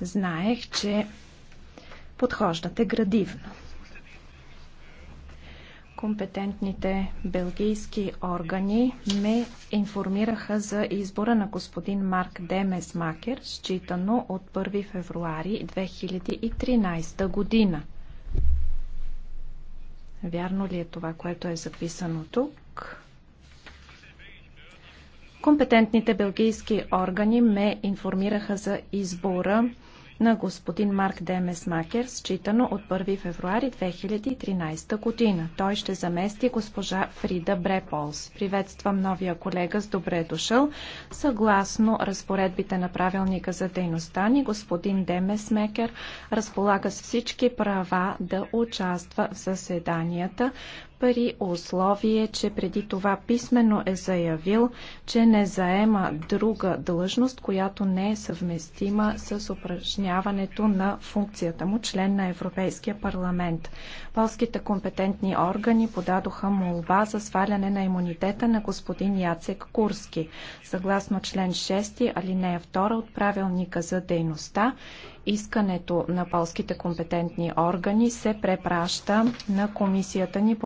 Знаех, че подхождате градивно. Компетентните белгийски органи ме информираха за избора на господин Марк Демес Макер, считано от 1 февруари 2013 година. Вярно ли е това, което е записано тук? Компетентните белгийски органи ме информираха за избора на господин Марк Демес Макер, считано от 1 февруари 2013 година. Той ще замести госпожа Фрида Бреполс. Приветствам новия колега с добре дошъл. Съгласно разпоредбите на правилника за дейността ни, господин Демес Макер разполага с всички права да участва в заседанията, при условие, че преди това писменно е заявил, че не заема друга длъжност, която не е съвместима с упражняването на функцията му член на Европейския парламент. Полските компетентни органи подадоха молба за сваляне на имунитета на господин Яцек Курски. Съгласно член 6, алинея 2 от правилника за дейността, искането на полските компетентни органи се препраща на комисията ни